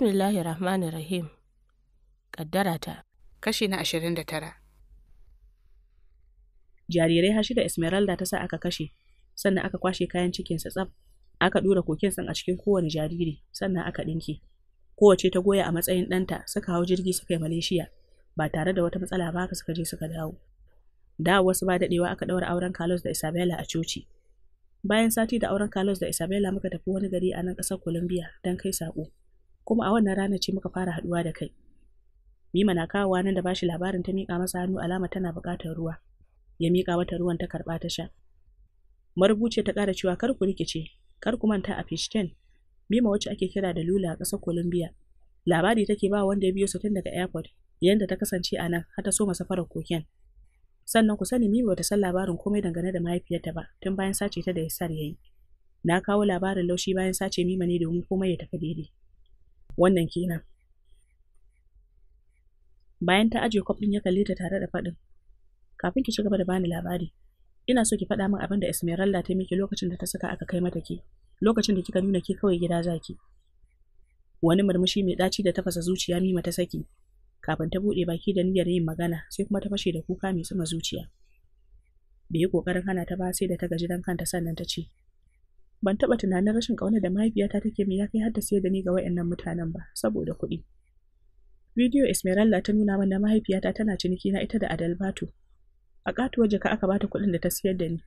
Bismillahir Rahmanir Rahim. Kaddarata. Kashi na ashirin da tara. Jarirai hashi da Esmeralda ta sa aka kashe, sannan aka kwashe kayan cikinsa tsab, aka dura kokin san a cikin kowane jariri, sannan aka ɗinki, Kowace ta goya a matsayin ɗanta suka hau jirgi suka yi Malaysia ba tare da wata matsala ba haka suka je suka dawo. Da wasu ba daɗewa aka ɗaura auren Carlos da Isabella a coci. Bayan sati da auren Carlos da Isabella muka tafi wani gari a nan ƙasar Colombia don kai saƙo. kuma a wannan rana ce muka fara haduwa da kai mima na kawowa nan da bashi labarin ta miƙa masa hannu alama tana bukatar ruwa ya mika mata ruwan ta karba ta sha marubuce ta kara cewa kar ku rikice kar ku manta a fishten mima wacce ake kira da lula a ƙasar Columbia? labari take ba wanda ya biyo su tun daga airport yadda ta kasance a nan har ta so safarar koken sannan ku sani mima bata san labarin komai dangane da mahaifiyarta ba tun bayan sace ta da yasar yayi na kawo labarin laushi bayan sace mima ne domin komai ya tafi daidai wannan kenan bayan ta ajiye kwaf ya kalle ta tare da faɗin kafin ki ci gaba da bani labari ina so ki faɗa min abin da Esmeralda ta miki lokacin da ta saka aka kai mata ke, lokacin da kika nuna ke kawai gida za ki. wani murmushi mai ɗaci da tafasa zuciya mima ta saki kafin ta buɗe baki da niyyar yin magana sai kuma ta fashe da kuka mai sama zuciya bai yi ƙoƙarin hana ta ba sai da ta gaji dan kanta sannan ta ce ban taba tunanin rashin kauna da mahaifiyata take min ya kai har da sayar da ni ga wayannan mutanen ba saboda kuɗi bidiyo esmeralda ta nuna mana mahaifiyata tana ciniki na ita da adalbato a katuwar jaka aka bata kuɗin da ta sayar da ni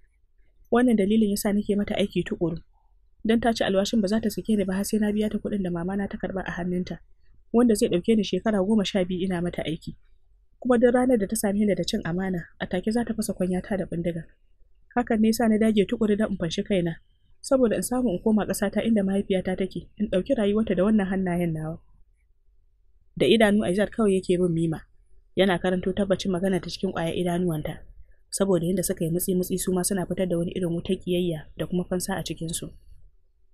wannan dalilin yasa nake mata aiki tukuru dan ta ci alwashin ba za ta sake ni ba har sai na biya ta kuɗin da mamana ta karba a hannunta wanda zai ɗauke ni shekara goma sha biyu ina mata aiki kuma duk ranar da ta same ni da cin amana a take za ta fasa ta da bindiga hakan ne yasa na dage tukuri da in fanshi kaina saboda in samu in koma ƙasata inda mahaifiyata take in ɗauki rayuwarta da wannan hannayen nawa da idanu a jihar kawai yake bin mima yana karanto tabbacin magana ta cikin ƙwayar idanuwanta saboda yadda suka yi mutsi-mutsi su ma suna fitar da wani irin wutar kiyayya da kuma fansa a cikinsu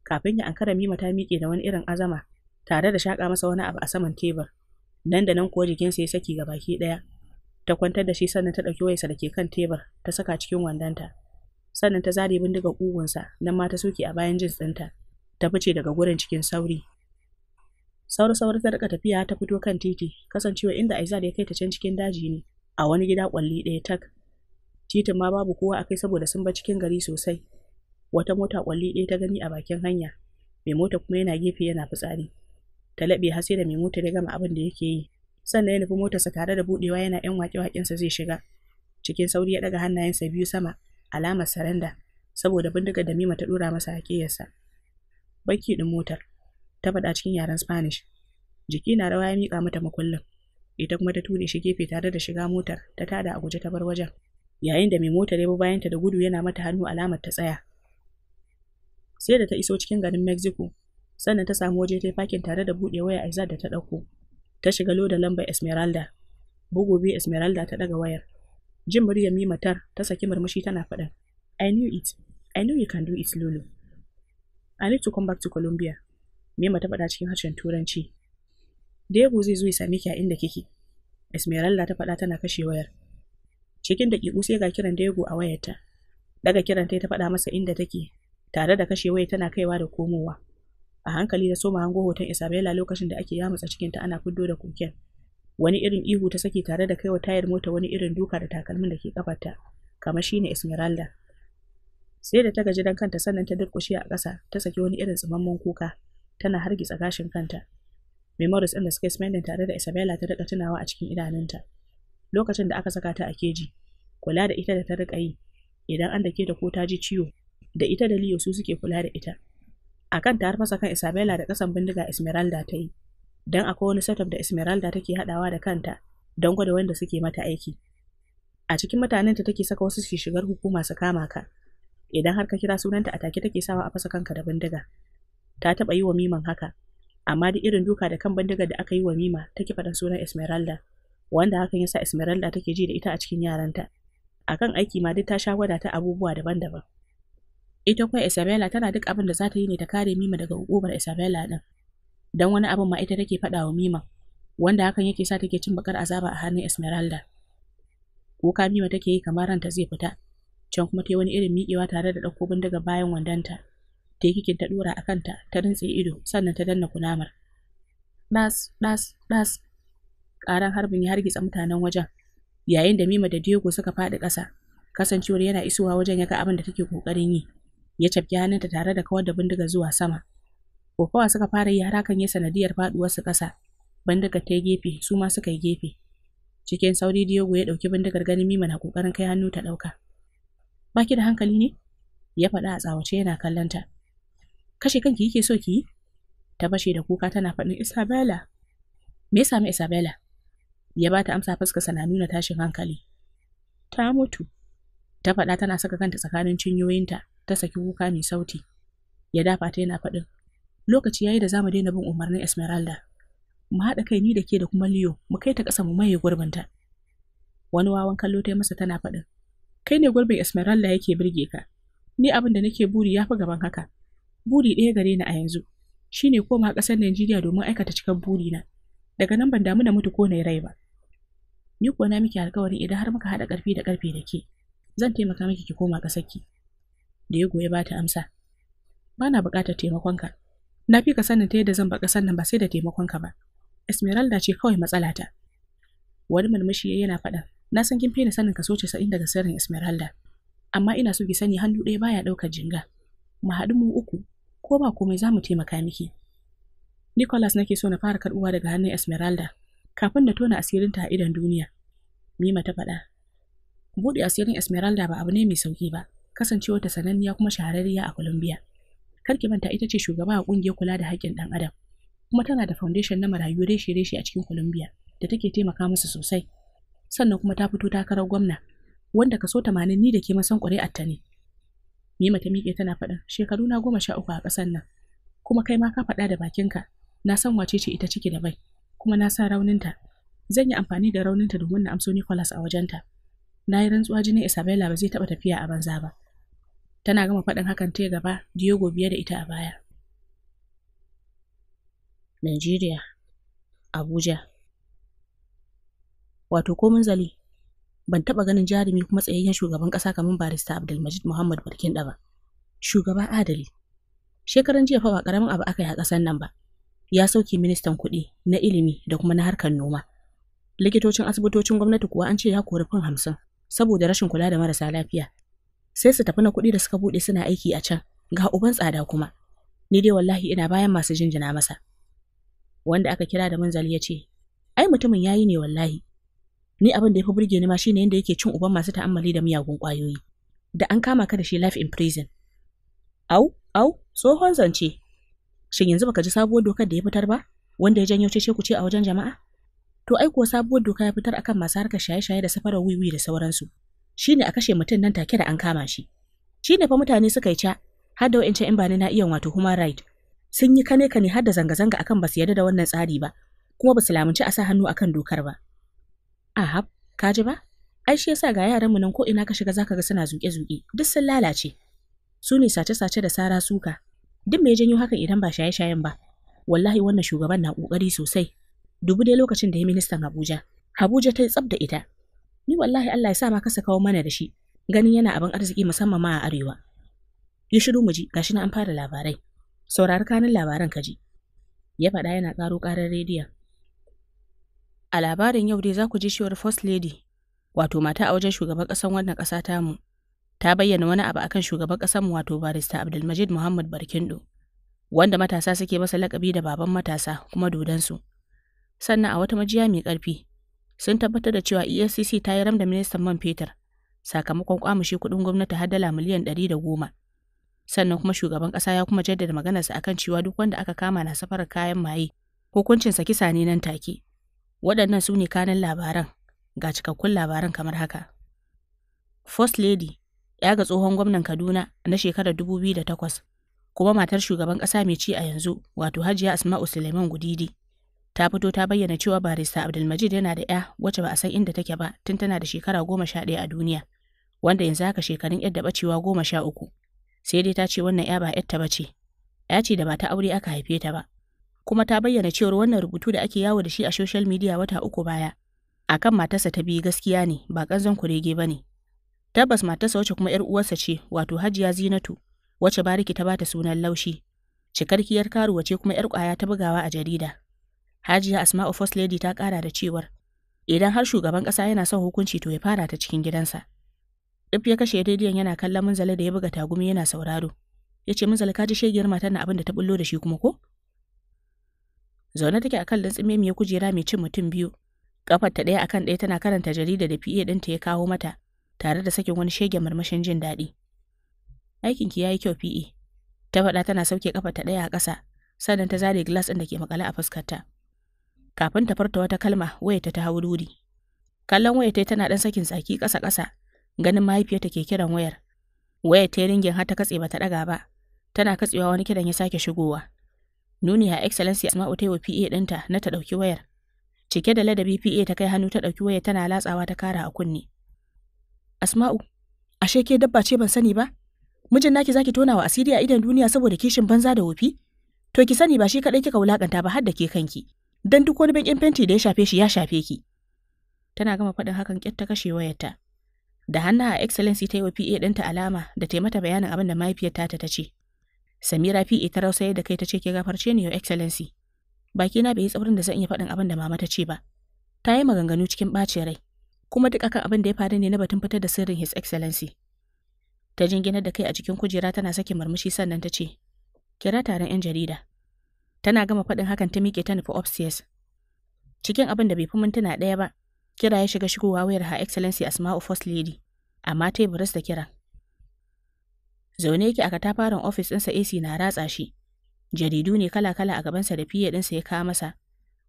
kafin ya ankara mima ta miƙe da wani irin azama tare da shaƙa masa wani abu a saman tebur nan da nan kuwa jikinsa ya saki ga baki ɗaya ta kwantar da shi sannan ta ɗauki wayarsa da ke kan tebur ta saka cikin wandonta. sannan ta zare bindiga ƙugunsa don ma ta soke a bayan jins ɗinta ta fice daga gurin cikin sauri sauri sauri ta rika tafiya ta fito kan titi kasancewa inda da ya kai ta can cikin daji ne a wani gida kwalli ɗaya tak titin ma babu kowa a kai saboda sun ba cikin gari sosai wata mota kwalli ɗaya ta gani a bakin hanya mai mota kuma yana gefe yana fitsari ta laɓe har sai da mai mota ya gama abin da yake yi sannan ya nufi motarsa tare da buɗewa yana yan waƙe-waƙensa zai shiga cikin sauri ya ɗaga hannayensa biyu sama alamar saranda saboda bindiga da Mima ta dora masa a kiyarsa. Baki din motar ta faɗa cikin yaren Spanish. Jiki na rawa ya miƙa mata makullin. Ita kuma ta ture shi gefe tare da shiga motar ta tada a guje ta bar wajen. Yayin da mai motar ya bi bayanta da gudu yana mata hannu alamar ta tsaya. Sai da ta iso cikin garin Mexico, sannan ta samu waje ta fakin tare da buɗe waya Aizat da ta ɗauko. Ta shiga loda lambar Esmeralda. bugobe Esmeralda ta ɗaga wayar. Jin muryar matar, ta saki murmushi tana faɗa. I knew it. I Knew you can do it, Lulu. I need to come back to Colombia. Mima ta faɗa cikin harshen Turanci. Diego zai zo ya same ki a inda kike. Esmeralda ta faɗa tana kashe wayar. Cikin daƙiƙu sai ga kiran Diego a wayarta. Daga kiran ta ta faɗa masa inda take, tare da kashe wayar tana kaiwa da komowa. A hankali da soma hango hoton Isabella lokacin da ake yamutsa cikinta ana fiddo da koken. wani irin ihu ta saki tare da kaiwa tayar mota wani irin duka da takalmin da ke kafarta kamar shine Esmeralda sai da ta gaji dan kanta sannan ta durkushe a ƙasa ta saki wani irin tsumammen kuka tana hargitsa gashin kanta memories ɗin da suka spending tare da Isabella ta rika tunawa a cikin idanunta lokacin da aka saka ta a keji kula da ita da ta rika yi idan an dake da ko ta ji ciwo da ita da Leo su suke kula da ita akan ta har kan Isabella da kasan bindiga Esmeralda ta yi don akwai wani setup da Esmeralda take haɗawa da kanta don gwada wanda suke mata aiki. A cikin mutanenta take saka wasu su shigar hukuma su kama ka. Idan har ka kira sunanta a take take sawa a fasa kanka da bindiga. Ta taɓa yi wa Miman haka, amma duk irin duka da kan bindigar da aka yi wa Mima take faɗin sunan Esmeralda, wanda hakan ya sa Esmeralda take ji da ita a cikin yaranta. Akan aiki ma duk ta sha gwada ta abubuwa daban-daban. Ita kuma Isabella tana duk abin da za ta yi ne ta kare Mima daga hukumar Isabella ɗin. dan wani abin ma ita take faɗa wa Mima wanda hakan yake sa take cin bakar azaba a hannun Esmeralda. Kuka Mima take yi kamar ranta zai fita, can kuma ta yi wani irin miƙewa tare da ɗauko bindiga bayan wandanta. Ta yi kikin ta ɗora a kanta, ta rintse ido, sannan ta danna kunamar. Ɗas, ɗas, ɗas. Ƙaran harbin ya hargitsa mutanen wajen, yayin da Mima da Diego suka faɗi ƙasa, kasancewar yana isowa wajen ya ga abin da take ƙoƙarin yi. ya cafke hannunta tare da kawar da bindiga zuwa sama kokawa suka fara yi har ya sanadiyar faduwar su kasa bindigar ta gefe su ma suka yi gefe cikin sauri Diogo ya ɗauki bindigar ganin Mima na kokarin kai hannu ta dauka baki da hankali ne ya faɗa a tsawace yana kallanta kashe kanki yake so ki yi ta bashe da kuka tana faɗin Isabella me ya sami Isabella ya ba amsa fuska sana nuna tashin hankali ta mutu ta faɗa tana saka kanta tsakanin cinyoyinta ta saki kuka mai sauti ya dafa ta yana faɗin lokaci yayi da zamu daina bin umarnin Esmeralda. Mu haɗa kai ni da ke da kuma Leo, mu kai ta ƙasa mu maye gurbinta. Wani wawan kallo ta masa tana faɗin. Kai ne gurbin Esmeralda yake birge ka. Ni abin da nake buri ya fi gaban haka. Buri ɗaya gare ni a yanzu. Shi ne koma ƙasar Najeriya domin aikata cikin burina. Daga nan ban damu da mutu ko na rai ba. Ni kuwa na miki alkawari idan har muka haɗa ƙarfi da ƙarfe da ke. Zan taimaka miki ki koma ƙasarki. Da ya goyi ba ta amsa. Bana na buƙatar taimakonka. Na fi ka sanin ta yadda zan ba ƙasar nan ba sai da taimakonka ba. Esmeralda ce kawai matsala matsalata. Wani murmushi yana faɗa. Na san kin fi ni ka kaso casa'in daga sirrin Esmeralda. Amma ina so ki sani hannu ɗaya baya ɗaukar jinga. Mu haɗu mu uku ko ba komai za mu taimaka miki. Nicholas nake so na fara karɓuwa daga hannun Esmeralda kafin na tona asirinta a idon duniya. Mima ta faɗa. Buɗe asirin Esmeralda ba abu ne mai sauƙi ba, kasancewa ta sananniya kuma shahararriya a Colombia. kar ki manta ita ce shugaba a kungiyar kula da haƙƙin ɗan adam kuma tana da foundation na marayu reshe-reshe a cikin Colombia da take taimaka musu sosai sannan kuma ta fito takarar gwamna wanda kaso 80 ni da ke masan atta ne Mima ta miƙe tana faɗin shekaru na goma sha uku a ƙasar nan kuma kai ma ka faɗa da bakinka na san wace ce ita ciki da bai kuma na sa rauninta zan yi amfani da rauninta domin na amso Nicholas a wajenta na yi rantsuwa jinin Isabella ba zai taɓa tafiya a banza ba. tana gama faɗin hakan ta gaba Diego biye da ita a baya. Najeriya, Abuja. Wato ko zali, ban taɓa ganin jarumi kuma tsayayyen shugaban ƙasa kamar barista Abdulmajid Muhammad Barkin ba. Shugaba adali. Shekaran jiya fa ba ƙaramin abu aka yi a ƙasar nan ba. Ya sauke ministan kuɗi na ilimi da kuma na harkar noma. Likitocin asibitocin gwamnati kuwa an ce ya kori fin hamsin saboda rashin kula da marasa lafiya sai su tafi na kuɗi da suka buɗe suna aiki a can ga uban tsada kuma ni dai wallahi ina bayan masu jinjina masa wanda aka kira da manzali ya ce ai mutumin yayi ne wallahi ni abin da ya fi burge ni ma shine yadda yake cin uban masu ta'ammali da miyagun ƙwayoyi da an kama ka da shi life in prison au au tsohon zance shin yanzu baka ji sabuwar dokar da ya fitar ba wanda ya janyo cece ce a wajen jama'a to ai kuwa sabuwar doka ya fitar akan masu harkar shaye-shaye da safarar wiwi da sauransu shine a kashe mutum nan take da an kama shi shine fa mutane suka yi ca har da wa'ancan in bani na iya wato human right sun yi kane kane har da zanga-zanga akan basu su yarda da wannan tsari ba kuma ba su lamunci a sa hannu akan dokar ba ahab ka ji ba ai shi yasa ga yaranmu nan ko ina ka shiga zaka ga suna zuke-zuke duk sun lalace su ne sace-sace da sara suka duk mai janyo hakan idan ba shaye-shayen ba wallahi wannan shugaban na kokari sosai dubu dai lokacin da ya ministan Abuja Abuja ta yi tsab da ita Ni wallahi Allah ya sa ma kasa kawo mana da shi. Ganin yana abin arziki musamman ma a arewa. Ya shiru mu ji gashi na an fara labarai. Saurari kanin labaran ka ji. Ya faɗa yana ƙaro ƙarar rediyon. A labarin yau dai za ku ji cewar First Lady, wato mata a wajen shugaban ƙasar wannan ƙasa mu. ta bayyana wani abu akan shugaban ƙasar mu wato barista Abdulmajid Muhammad Barkindo, wanda matasa suke masa lakabi da baban matasa kuma su. Sannan a wata majiya mai ƙarfi, sun tabbatar da cewa EFCC ta yi ramda ministan man fetur sakamakon kwamishi kuɗin gwamnati har dala miliyan ɗari da goma. Sannan kuma shugaban ƙasa ya kuma jaddada maganarsa akan cewa duk wanda aka kama na safarar kayan maye hukuncinsa kisa ne nan take. Waɗannan su ne kanan labaran ga cikakkun labaran kamar haka. First Lady ya ga tsohon gwamnan Kaduna na shekarar dubu biyu da takwas, kuma matar shugaban ƙasa mai ci a yanzu wato Hajiya Asma'u Suleiman Gudidi ta fito ta bayyana cewa barista Abdulmajid yana da 'ya wacce ba a san inda take ba tun tana da shekara goma sha ɗaya a duniya, wanda yanzu haka shekarun 'yar da bacewa goma sha uku. Sai dai ta ce wannan 'ya ba 'yarta ba ce, 'ya ce da ba ta aure aka haife ta ba. Kuma ta bayyana cewar wannan rubutu da ake yawo da shi a social media wata uku baya. Akan matarsa ta biyu gaskiya ne ba ƙanzon kurege ba ne. Tabbas matarsa wacce kuma 'yar uwarsa ce wato Hajiya Zinatu wacce bariki ta bata sunan laushi. Cikarkiyar karuwa ce kuma 'yar ƙwaya ta bugawa a jarida. Hajiya Asma'u First Lady ta kara da cewar, Idan har shugaban ƙasa yana son hukunci to ya fara ta cikin gidansa. Duk ya kashe rediyon yana kallon munzale da ya buga tagumi yana sauraro. Ya ce ka ji shegiyar matar na abin da ta bullo da shi kuma ko? Zaune take akan lantsimemi ya kujera mai cin mutum biyu. Kafar ta ɗaya akan ɗaya tana karanta jarida da PA ta ya kawo mata, tare da sakin wani shege marmashin jin daɗi. Aikinki ya yi kyau PA. Ta faɗa tana sauke kafar ta ɗaya a ƙasa, sannan ta zare gilas ɗin da ke makale a fuskarta. kafin ta farta wata kalma wayarta ta haururi. Kallon wayarta tana ɗan sakin tsaki kasa-kasa. ganin mahaifiyarta ke kiran wayar. Wayar ta ringin har ta katse bata ɗaga ba, tana katsewa wani kiran ya sake shigowa. Nuni ya Excellency Asma'u ta yi wa PA ɗinta na ta ɗauki wayar. Cike da ladabi PA ta kai hannu ta ɗauki wayar tana latsawa ta kara a kunne. Asma'u, ashe ke dabba ce ban sani ba? Mijin naki zaki tona wa asiri a idan duniya saboda kishin banza da wofi? To ki sani ba shi kaɗai kika wulakanta ba har da ke kanki. don duk wani bakin fenti da ya shafe shi ya shafe ki. Tana gama faɗin hakan ƙyar ta kashe wayarta. Da hannu a Excellency ta yi wa PA ɗinta alama da ta mata bayanin abin da mahaifiyar ta ce. Samira PA ta rausayar da kai ta ce ke gafarce ni Your Excellency. Baki na bai yi tsaurin da zan iya faɗin abin da mama ta ce ba. Ta yi maganganu cikin ɓacin rai. Kuma duk akan abin da ya faru ne na batun fitar da sirrin His Excellency. Ta jingina da kai a cikin kujera tana sakin murmushi sannan ta ce, Kira taron 'yan jarida. Tana gama faɗin hakan ta miƙe ta nufi obsies. Cikin abin da bai fi mintuna ɗaya ba, kira ya shiga shigowa wayar ha Excellency Asma'u First Lady, amma ta yi da kiran. Zaune yake a katafaren ofis ɗinsa AC na ratsa shi. Jaridu ne kala-kala a gabansa da fiye ɗinsa ya kawo masa.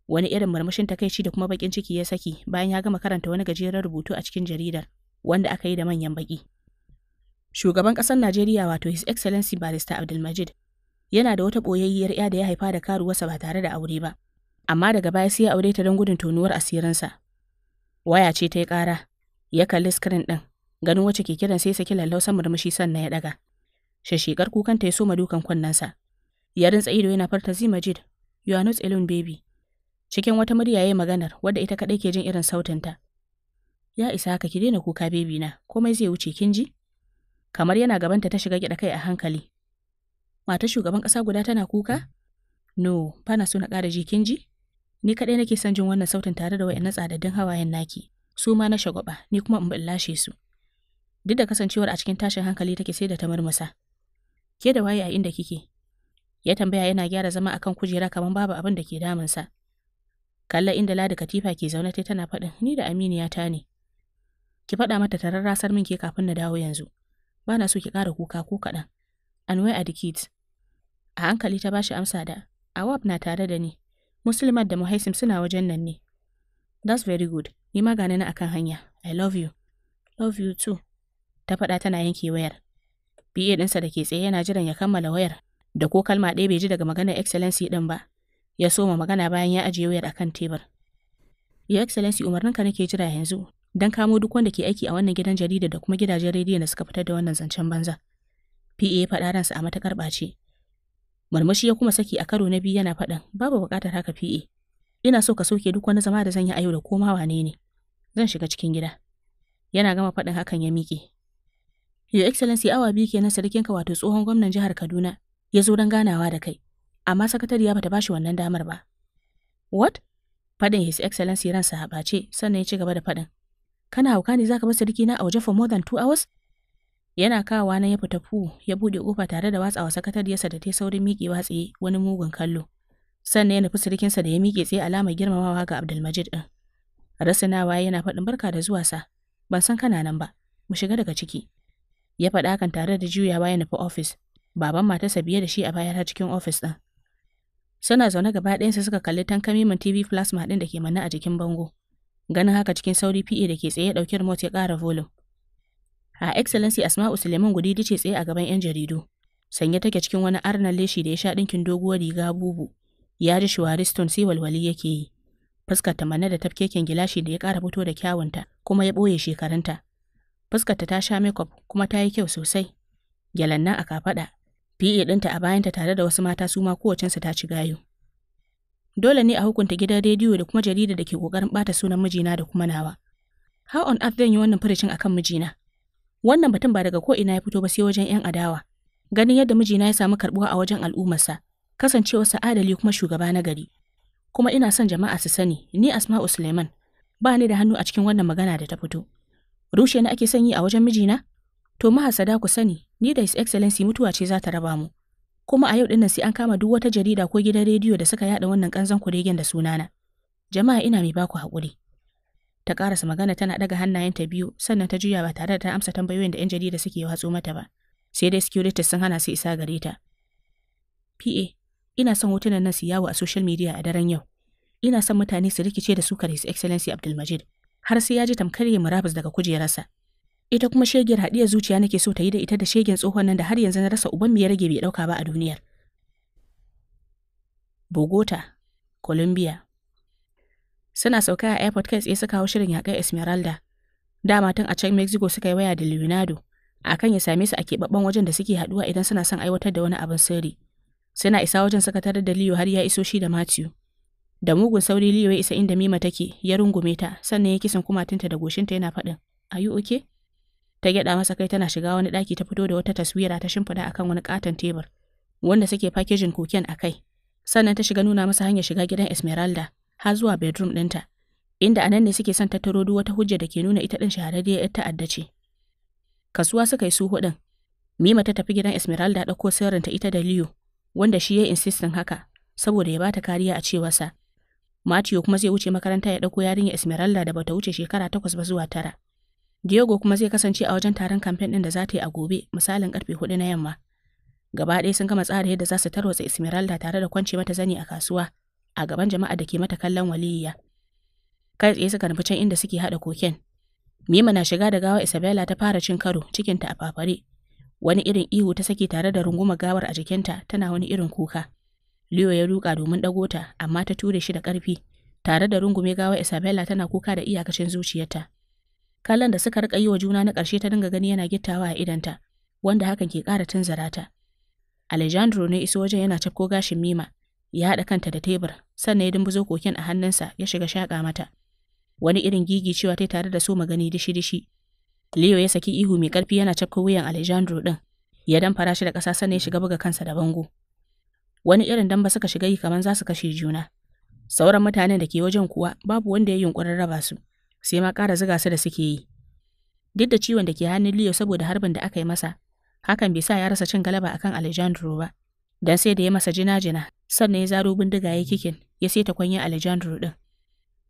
Wani irin murmushin takaici da kuma baƙin ciki ya saki bayan ya gama karanta wani gajeren rubutu a cikin jaridar, wanda aka yi da manyan baƙi. Shugaban ƙasar Najeriya wato His Excellency Barista Abdulmajid yana da wata ɓoyayyiyar 'ya da ya haifa da karuwarsa ba tare da aure ba, amma daga baya sai ya aure ta don gudun tonuwar asirinsa. Waya ce ta yi ƙara, ya kalli skirin ɗin, ganin wacce ke kiran sai saki lallau lallausan murmushi sannan ya ɗaga. Shashikar kukanta ya soma dukan kunnensa. Ya rintsa ido yana farta Zimajid, you are not alone baby. Cikin wata murya ya maganar wadda ita kaɗai ke jin irin sautin ta. Ya isa haka ki daina kuka baby na, komai zai wuce kin ji? Kamar yana gabanta ta shiga gyaɗa kai a hankali, Mata shugaban kasa guda tana kuka? No, bana na so na ƙara jikin ji? Ni kaɗai nake son jin wannan sautin tare da wayannan tsadaddun hawayen naki. Su ma na shagwaba, ni kuma in lashe su. Duk da kasancewar a cikin tashin hankali take sai da ta murmusa. Ke da waye a inda kike? Ya tambaya yana gyara zama akan kujera kamar babu abin da ke damunsa. Kalla inda Ladi Katifa ke zaune tai tana faɗin ni da Aminiya ta ne. Ki faɗa mata ta rarrasar min ke kafin na dawo yanzu. Ba na so ki ƙara kuka ko kaɗan. and where are the A hankali ta bashi amsa da, Awab na tare da ni, Musulman da Muhaisim suna wajen nan ne. That's very good, ni ma gane na akan hanya, I love you. Love you too, ta faɗa tana yanke wayar. BA ɗinsa da ke tsaye yana jiran ya kammala wayar, da ko kalma ɗaya bai ji daga maganar Excellency ɗin ba, ya soma magana bayan ya ajiye wayar akan tebur. Ya Excellency umarninka nake jira yanzu, don kamo duk wanda ke aiki a wannan gidan jarida da kuma gidajen rediyo da suka fitar da wannan zancen banza. PA ya faɗa ransa a matakar ɓace. Marmashi ya kuma saki a karo na biyu yana faɗan, babu buƙatar haka PA. Ina so ka soke duk wani zama da zan yi a yau da koma wane ne. Zan shiga cikin gida. Yana gama faɗin hakan ya miƙe. Your Excellency awa biyu kenan sarkinka wato tsohon gwamnan jihar Kaduna ya zo don ganawa da kai. Amma sakatariya bata bashi wannan damar ba. What? Faɗin His Excellency ransa a ɓace sannan ya ci gaba da faɗin. Kana hauka ne ka bar sarki na a waje for more than two hours? Yana kawa nan ya fita fu ya buɗe kofa tare da watsawa sakatariyarsa da ta saurin miƙe tsaye wani mugun kallo. Sannan ya nufi sirikinsa da ya miƙe tsaye alama girmamawa ga Abdulmajid ɗin. Rasinawa yana faɗin barka da zuwa sa. Ban san kana nan ba. Mu shiga daga ciki. Ya faɗa hakan tare da juyawa ya nufi ofis. Baban matarsa biye da shi a bayar har cikin ofis ɗin. Suna zaune gaba ɗayansu suka kalli tankamimin TV plasma ɗin da ke manne a jikin bango. Ganin haka cikin sauri PA da ke tsaye ɗauki remote ya ƙara volume. A Excellency Asma'u Suleiman Gudidi ce tsaye a gaban 'yan jaridu. Sanye take cikin wani arnar leshi da ya sha ɗinkin doguwar riga bubu. Ya ji shuwariston sai walwali yake yi. Fuskar ta da tafkeken gilashi da ya ƙara fito da kyawunta kuma ya ɓoye shekarunta. Fuskar ta sha makeup kuma ta yi kyau sosai. Gyalan nan a kafaɗa. PA ɗinta a bayanta tare da wasu mata su ma kowacensu ta ci gayu. Dole ne a hukunta gidan rediyo da kuma jaridar da ke ƙoƙarin ɓata sunan mijina da kuma nawa. How on earth zan yi wannan furucin akan mijina? Wannan batun ba daga ko ina ya fito ba sai wajen 'yan adawa. Ganin yadda mijina ya samu karbuwa a wajen al'ummarsa, sa adali kuma shugaba na gari. Kuma ina son jama'a su sani, ni Asma'u Suleiman, ba ni da hannu a cikin wannan magana da ta fito. Rushe na ake son yi a wajen mijina? To mahasada ku sani, ni da His Excellency mutuwa ce za ta raba mu. Kuma a yau dinnan sai an kama duk wata jarida ko gidan rediyo da suka yada wannan kanzon kuregen da sunana. Jama'a ina mai baku haƙuri. ta karasa magana tana daga hannayenta biyu sannan ta juya ba tare da ta amsa tambayoyin da 'yan jarida suke watso mata ba sai dai security sun hana su isa gare ta PA ina son hotunan nan su yawo a social media a daren yau ina son mutane su rikice da sukar his excellency Abdulmajid har sai ya ji tamkar ya murabus daga kujerarsa ita kuma shegiyar haɗiyar zuciya nake so ta yi da ita da shegen tsohon nan da har yanzu na rasa uban ya rage bai ɗauka ba a duniyar Bogota, Colombia, Suna sauka a airport kai tsaye suka hau shirin kai Esmeralda. Da matan a can Mexico suka yi waya da Leonardo akan ya same su a keɓaɓɓen wajen da suke haɗuwa idan suna son aiwatar da wani abin sirri. Suna isa wajen suka da Leo har ya iso shi da Matthew. Da mugun sauri Leo ya isa inda Mima take, ya rungume ta, sannan ya kisan kumatinta da goshinta yana faɗin, "Are you okay?" Ta gyaɗa masa kai tana shiga wani daki ta fito da wata taswira ta shimfida akan wani ƙaton tebur, wanda suke fakejin koken a kai. Sannan ta shiga nuna masa hanyar shiga gidan Esmeralda, har zuwa bedroom ɗinta, inda a nan ne suke son tattaro duk wata hujja da ke nuna ita ɗin shahararriyar 'yar ta'adda ce. Kasuwa suka yi su huɗun. Mima ta tafi gidan Esmeralda ɗauko sirrinta ita da Leo, wanda shi ya insistin haka, saboda ya ba ta kariya a cewarsa. Matthew kuma zai wuce makaranta ya ɗauko yarinya Esmeralda da bata wuce shekara takwas ba zuwa tara. Diego kuma zai kasance a wajen taron kamfen ɗin da za ta yi a gobe, misalin karfe hudu na yamma. Gaba ɗaya sun gama tsara yadda za su tarwatsa Esmeralda tare da kwance mata zani a kasuwa, a gaban jama'a da ke mata kallon waliyya. Kai tsaye suka nufi can inda suke haɗa koken. Mima na shiga da gawa Isabella ta fara cin karo cikinta a fafare. Wani irin ihu ta saki tare da runguma gawar a jikinta tana wani irin kuka. Leo ya ruka domin ɗago ta amma ta ture shi da ƙarfi tare da rungume gawa Isabella tana kuka da iyakacin zuciyarta. Kallon da suka rika yi wa juna na ƙarshe ta dinga gani yana gittawa a idanta, wanda hakan ke ƙara tunzara ta. Alejandro ne iso wajen yana cafko gashin Mima, ya haɗa kanta da tebur sannan ya dumbuzo koken a hannunsa ya shiga shaƙa mata wani irin gigi cewa ta tare da so magani dishi-dishi Leo ya saki ihu mai ƙarfi yana cafka wuyan Alejandro ɗin ya fara shi da ƙasa sannan ya shiga buga kansa da bango wani irin damba suka shiga yi kamar za su kashe juna sauran mutanen da ke wajen kuwa babu wanda ya yunƙurin raba su sai ma ƙara ziga su da suke yi duk da ciwon da ke hannun Leo saboda harbin da aka yi masa hakan bai sa ya rasa cin galaba akan Alejandro ba dan sai da ya masa jina-jina sannan ya zaro bindiga ya kikin ya saita kwanya Alejandro din.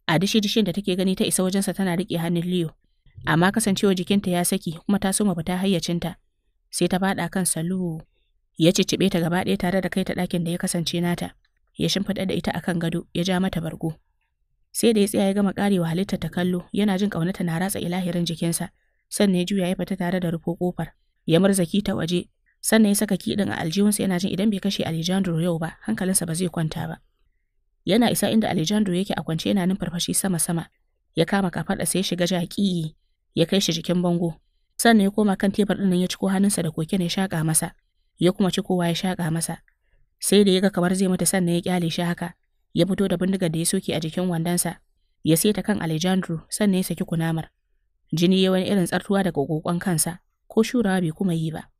A dishi-dishin da take gani ta isa wajensa tana riƙe hannun Leo, amma kasancewa jikinta ya saki kuma ta soma bata hayyacinta. Sai ta faɗa kan Salu ya cicibe ta gaba ɗaya tare da kai ta ɗakin da ya kasance nata. Ya shimfiɗa da ita akan gado ya ja mata bargo. Sai da ya tsaya ya gama ƙarewa halittar ta kallo yana jin ƙaunata na ratsa ilahirin jikinsa. Sannan ya juya ya fita tare da rufo kofar, Ya murzaki ta waje sannan ya saka kiɗin a aljihunsa yana jin idan bai kashe Alejandro yau ba hankalinsa ba zai kwanta ba. Yana isa inda Alejandro yake a kwance yana numfarfashi sama-sama, ya kama kafaɗa sai ya shiga jaƙi ya kai shi jikin bango, sannan ya koma kan tebur ɗin ya ciko hannunsa da koken ya shaƙa masa, ya kuma ci kowa ya shaƙa masa. Sai da ya ga kamar zai mutu sannan ya kyale shi haka, ya fito da bindigar da ya soke a jikin wandonsa, ya saita kan Alejandro sannan ya saki kunamar. Jini ya wani irin tsartuwa daga kokon kansa, ko shurawa bai kuma yi ba.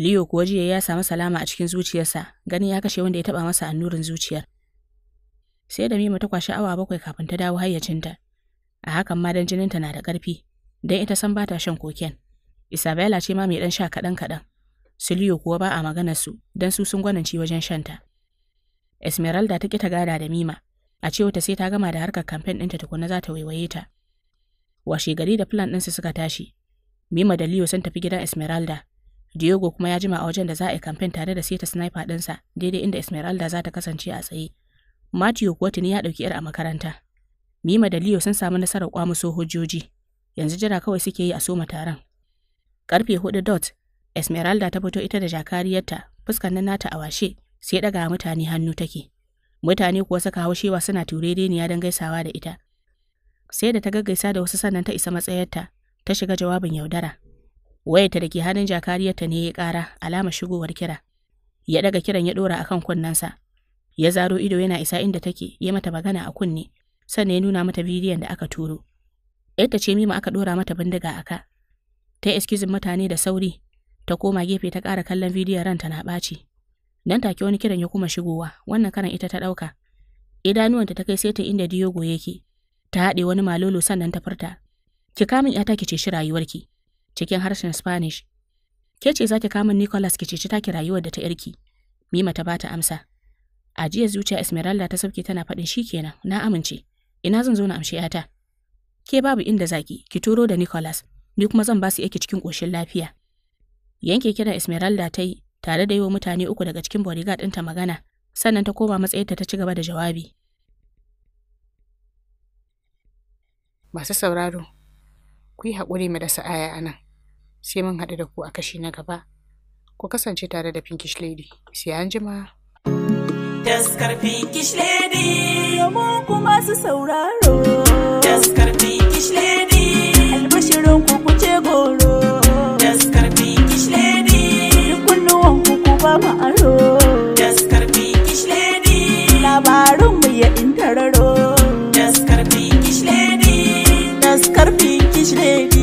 Leo kuwa jiya ya samu salama a cikin zuciyarsa, ganin ya kashe wanda ya taba masa annurin zuciyar. Sai da Mima ta kwashi awa bakwai kafin ta dawo hayyacinta. A hakan ma dan jininta na da ƙarfi, dan ita san ba ta shan koken. Isabella ce ma mai dan sha kaɗan kaɗan. Su Leo kuwa ba a maganar su, dan su sun ci wajen shanta. Esmeralda ta ki ta gada da Mima, a cewa ta sai ta gama da harkar kamfen ɗinta tukuna za ta waiwaye ta. Washe gari da plan ɗinsu suka tashi, Mima da Leo sun tafi gidan Esmeralda Diego kuma ya jima a wajen da za a yi kamfen tare da seta sniper ɗinsa daidai inda Esmeralda za ta kasance a tsaye. Matthew kuwa tuni ya ɗauki 'yar a makaranta. Mima da Leo sun samu nasarar kwamuso hujjoji. Yanzu jira kawai suke yi a soma taron. Karfe hudu dot, Esmeralda ta fito ita da jakariyarta, fuskan nan nata a washe, sai daga mutane hannu take. Mutane kuwa suka haushewa suna ture turereniya don gaisawa da ita. Sai da ta gaggaisa da wasu sannan ta isa matsayarta, ta shiga jawabin yaudara. Wayarta da ke hannun jakariyarta ne ya kara. alama shigowar kira. Ya daga kiran ya ɗora akan kunnensa. Ya zaro ido yana isa inda take ya mata magana a kunne sannan ya nuna mata bidiyon da aka turo. Yadda ce Mima aka ɗora mata bindiga a ka. Ta eskizin mutane da sauri ta koma gefe ta ƙara kallon bidiyon ranta na ɓaci. Nan take wani kiran ya kuma shigowa wannan karan ita ta ɗauka. Idanuwanta ta kai sai setin inda Diogo yake. Ta haɗe wani malolo sannan ta furta. Ki kamin 'yata ki ce shi rayuwarki. cikin harshen Spanish. Ke ce za ki kama Nicholas ki ceci taki rayuwar da ta yarki. Mima ta bata amsa. A jiya zuciya Esmeralda ta sauke tana faɗin shi kenan, na amince. Ina zan zo na amshe yata. Ke babu inda zaki, ki turo da Nicholas, ni kuma zan ba su yake cikin ƙoshin lafiya. Yanke kiran Esmeralda ta yi tare da yi wa mutane uku daga cikin bodyguard ɗinta magana, sannan ta koma matsayinta ta ci gaba da jawabi. Masu sauraro, ku yi haƙuri mu dasa aya a nan sai mun haɗu da ku a kashi na gaba ku kasance tare da pinkish lady sai an jima Daskar Pinkish Lady mu ku masu sauraro Daskar Pinkish Lady Albashirin ku kuce goro Daskar Pinkish Lady Kunnuwan ku ku ba mu aro Daskar Pinkish Lady Labarin mu ya intararo this lady.